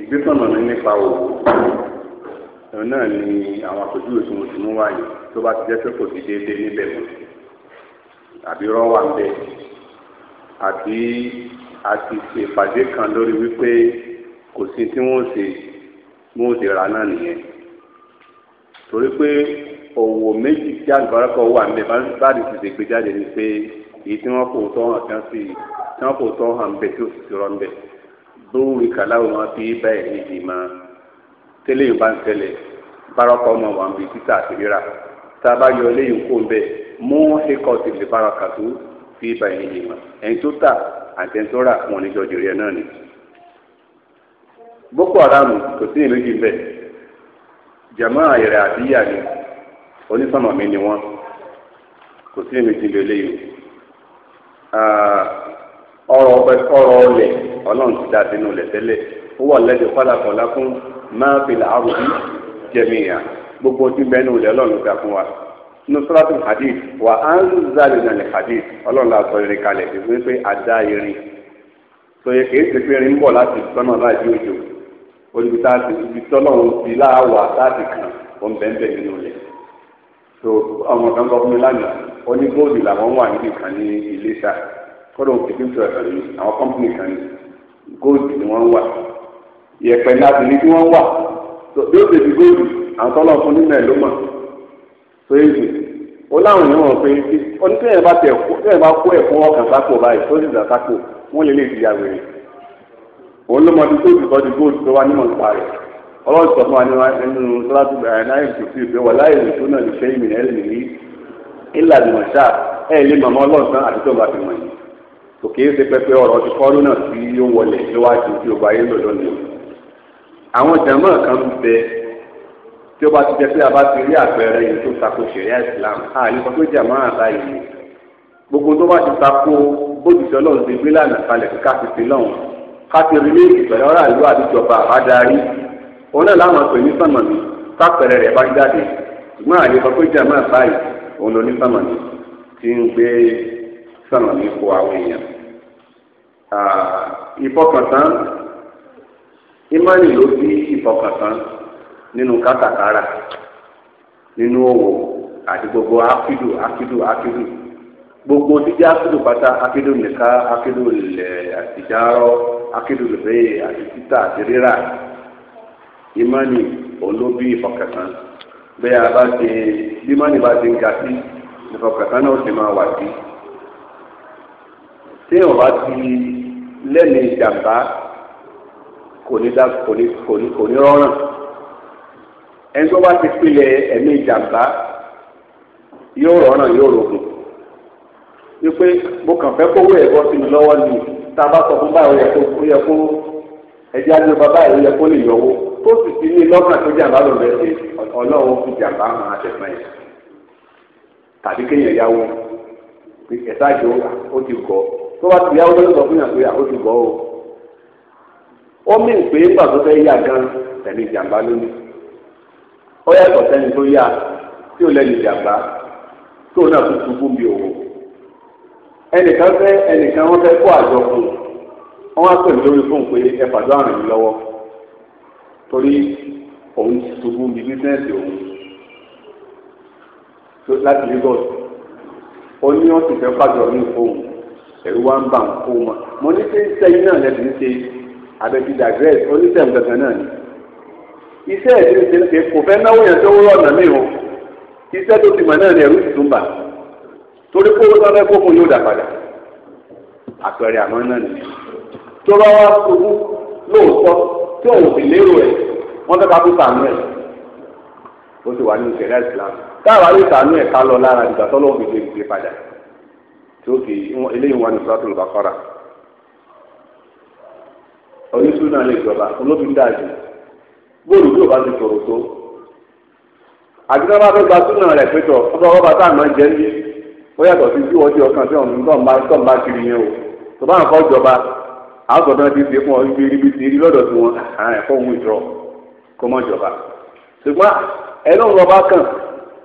ìgbésọ̀nà mi nípa òwò òun náà ni àwọn àpèjúwe tí mo ti mú wáyé tó bá ti jẹ́ pé kò sí déédéé níbẹ̀ mọ́ àbí rọ́wà ń bẹ àbí a ti ṣe ìpàdé kan lórí wípé kò sí tí wọ́n ṣe wọ́n ṣe rà náà nìyẹn torí pé òwò méjì tí àlùbáríkọ wà ń bẹ báàdì ti ṣègbè jáde ni pé èyí tí wọ́n kò tọ́ hàn tí tí wọ́n kò tọ́ hàn ń tí ò sì ti rọ́ ń lówó ìkàlà wọn fi bá ẹ níbi ma tẹlẹ yìí bá ń tẹlẹ bárakọ ọmọ wa ń bi títà àti rírà tá a bá yọ eléyìí kó ń bẹ mú ẹkọ ti lè báraka tó fi bá ẹ níbi ma ẹni tó tà àti ẹni tó rà wọn níjọ jèrè ẹ náà ni. Boko Haram kò sí ìlú yìí bẹ jama ayẹrẹ àdíyà ni onísọ̀nà mi ni wọn kò sí ìlú yìí bẹ léyìí ọ̀rọ̀ ọlẹ ọlọ́run ti dà sínú ilẹ̀ tẹ́lẹ̀ ó wà lẹ́dẹ̀ kọ́lákọ́lá fún máa fi làárù bí jẹ̀mìyà gbogbo tí bẹ́ẹ̀ni ilẹ̀ ọlọ́run dà fún wa. nínú sọ́láṣí hadith wà á ń zàlẹ̀ nàlẹ̀ hadith ọlọ́run la sọ irin kalẹ̀ bí wọ́n pé àdá irin sọyẹ kìí ṣe pé irin ń bọ̀ láti sọ́nà láti òjò olùbítà ti ibi tọ́lọ́run ti láàwà láti kàn ó ń nínú ilẹ̀ so ọmọ kan gbọ́ fún mi lánàá ó ní góòlù làwọn wà níbi kan ní Iléṣà kọ́dọ̀ òkè fífi ọ̀sán ní àwọn kọ́mpìnì kan ní góòlù ni wọ́n wà yẹ̀pẹ̀ ní àtìní tí wọ́n wà bí ó ṣe di góòlù àwọn tọ́lọ̀ fún nínú ẹ̀ ló mọ̀ tó yé jù ó láwọn èèyàn wọn pé ọdún tí èèyàn bá tẹ̀ kó èèyàn bá kó ẹ̀kọ́ ọkàn sápò báyìí tó sì dà sápò wọ́n lè lè di àwèrè òun ló mọ ibi tó dùkọ́ di góòlù tó wá nímọ̀ nípa rẹ̀ ọlọ́run sọ fún wa nínú sọ́láṣí bẹ̀rẹ̀ náà èyí tó fi ìgbé wà láì lè tó náà lè ṣe ìmìnira ẹ̀ lè kò kìí ṣe pẹpẹ ọ̀rọ̀ ti kọrú náà tí ó wọlé lọ́wọ́dì tí ó bá yé lò lónìí àwọn jàmọ kan bẹ tí ó bá ti jẹ pé a bá ti rí àpẹẹrẹ yìí tó takò ṣẹ̀ríà Islam a ní kó tó jàmọ àbá yìí gbogbo tó bá ti takò bójútó Ọlọ́run ti gbé lànà kalẹ̀ kíkà ti ti lọhùn ká ti rí léèkì pẹ̀lú ọ̀rọ̀ àlọ àdìjọba àbádarí òun náà láwọn pè ní sàmọmì tápẹrẹ rẹ bá jáde ṣùgbọ́n àlè kó tó jàmọ àbá òun ló ní sàmọmì sanwa ni ko awon eyan ah ipokatan imani lo bi ipokatan ninu katakara ninu owo ati gbogbo akidu akidu akidu gbogbo ti je akidu bata, akidu nika akidu ile ati jaro akidu lebe ati tita ati rira imani olobi ifokatan bẹẹ a ba ti bimani ba ti ga si ifokatan náà ti ma wa téèyàn bá ti lẹ́nu ìjàmbá kò ní dá kò ní kò ní kò ní rọrùn ẹni tó bá ti pilẹ̀ ẹ̀mí ìjàmbá yóò rọrùn yóò rògùn wípé mo kàn fẹ́ kówó ẹ̀ bọ́ sí mi lọ́wọ́ ni tá a bá sọ fún báyìí ó yẹ kó ẹjẹ́ àti bàbá yìí ó yẹ kó lè yọwó tó sì ti ní lọ́kàn tó jàmbá lọ bẹ́ẹ̀ ṣe ọlọ́run fi jàmbá hàn àtẹ̀mọ́ tàbí kéèyàn yáwó ẹ̀sáàjò ó ti gọ̀ọ́ tó bá ti yá ó lọ sọ fún yàn pé àkóso bọ́ o ó mì pé nígbà tó fẹ́ yá gan tẹ̀lé ìjàmbá lónìí ó yàtọ̀ sẹ́ni tó yá tí ò lẹ́nu ìjàmbá tó náà tó ṣubú bí òwò ẹnìkan fẹ́ ẹnìkan wọ́n fẹ́ kó àjọ fún un wọ́n á pè mí lórí fóun pé ẹ fàdó àrùn yìí lọ́wọ́ torí òun ti ṣubú bí bísíǹsì òun láti Lagos ó ní wọ́n sì fẹ́ fàdó àrùn yìí fóun ẹ̀rú wa ń bà ń kó ma mo ní sí sẹ́yìn náà lẹ́bi ń ṣe abẹ́bí dàgẹ́sì oníṣẹ́m gangan náà ni iṣẹ́ ẹ̀ ti ń ṣe kò fẹ́ náwó yẹn tó wúrọ̀ ọ̀nà mìíràn iṣẹ́ tó ti mọ̀ náà ni ẹ̀rú ti tún bà torí kó wọ́n fẹ́ kókun yóò dà padà àpẹẹrẹ àmọ́ náà ni tó bá wá ṣubú lóòótọ́ tí òun sì lérò ẹ̀ wọ́n fẹ́ ká kó sàánú ẹ̀ ó ti wà nínú ìṣẹ̀lẹ̀ ìsìlámù sókè eléyìí wà ní suratul Baqara onísùnà lè jọba olófin dájú bóòlù tó o bá ti sọ̀rọ̀ tó àdúrà bá fẹ́ gba súnà rẹ̀ péjọ ọba ọba tá à máa jẹ́ ní ó yàtọ̀ sí tí wọ́n ti ọkàn tí ọ̀nà tó ń bá tó ń bá kiri yẹn o tó bá ń kọ́ jọba àwọn sọ̀tàn ti ṣe fún ọ ibi ibi ti rí lọ́dọ̀ tí wọ́n àwọn ẹ̀kọ́ òun ìjọ kó mọ́ jọba ṣùgbọ́n ẹ lóun lọ́ba kàn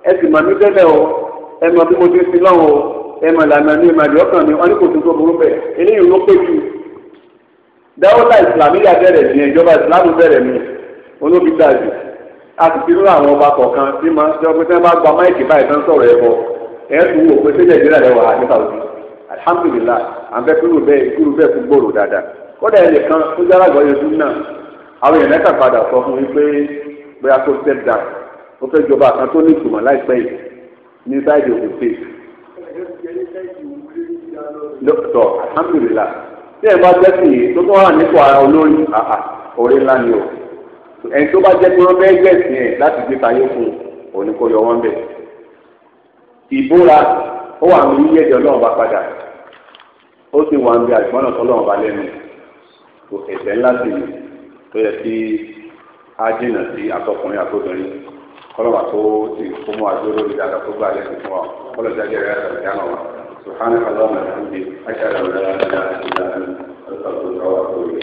ẹ sì mọ̀ mí tẹ́lẹ̀ o ẹ mọ̀ bí mo ti sin lọ́hùn o ẹ mà lànà ní ìmàdí ọkàn mi wọn ní kò tó tó burú bẹ́ẹ̀ eléyìí ló pé jù dáwọ́tà ìsìlámíyà bẹ̀rẹ̀ ní ìjọba ìsìlámù bẹ̀rẹ̀ ní olóbìtà jù a sì ti rú àwọn ọba kọ̀ọ̀kan tí máa ń sọ pé sẹ́ńbà gba máìkì báyìí tán sọ̀rọ̀ ẹ̀ bọ̀ ẹ̀ tún wò pé sẹ́jẹ̀ ìdílé rẹ̀ wà á nípa òbí alhamdulillah à ń bẹ́ kúrú bẹ́ẹ̀ kúrú bẹ́ẹ̀ fún gbòòrò dáadáa kódà ẹ̀ nìkan tó jára gbọ́ yẹn dún náà àwọn èèyàn mẹ́ta padà sọ fún mi pé bóyá kó step down ó fẹ́ jọba kan tó ní ìtumọ̀ láìpẹ́ yìí ní sáìdì òkú state dókítọ̀ alhamdulilah tí ẹ bá jẹ́ sí i tó tó wà nípò ara olórí àhà orí ńlá ni o ẹni tó bá jẹ́ pé wọ́n bẹ́ẹ̀ gbẹ̀sìn ẹ̀ láti gbé tayé fún un òní kò yọ wọ́n bẹ̀. ìbúra ó wà ní yíyẹ̀jọ́ náà bá padà ó sì wà ń bí àgbọ̀nà tó lọ́wọ́ bá lẹ́nu kò ẹ̀ṣẹ̀ ńlá sí i tó yẹ kí á jìnnà sí àtọkùnrin àtọkùnrin kọlọba tó ti fún wa dúró lórí dáadáa tó gbà lẹ́sìn fún wa kọlọ jáde rẹ àtàwọn ìyá náà wa subhanahu wa ta'ala alhamdulilayi aṣáájú ọ̀rẹ́ rẹ ní àti ìlànà ọ̀sán tó ń bá wa tó yẹ.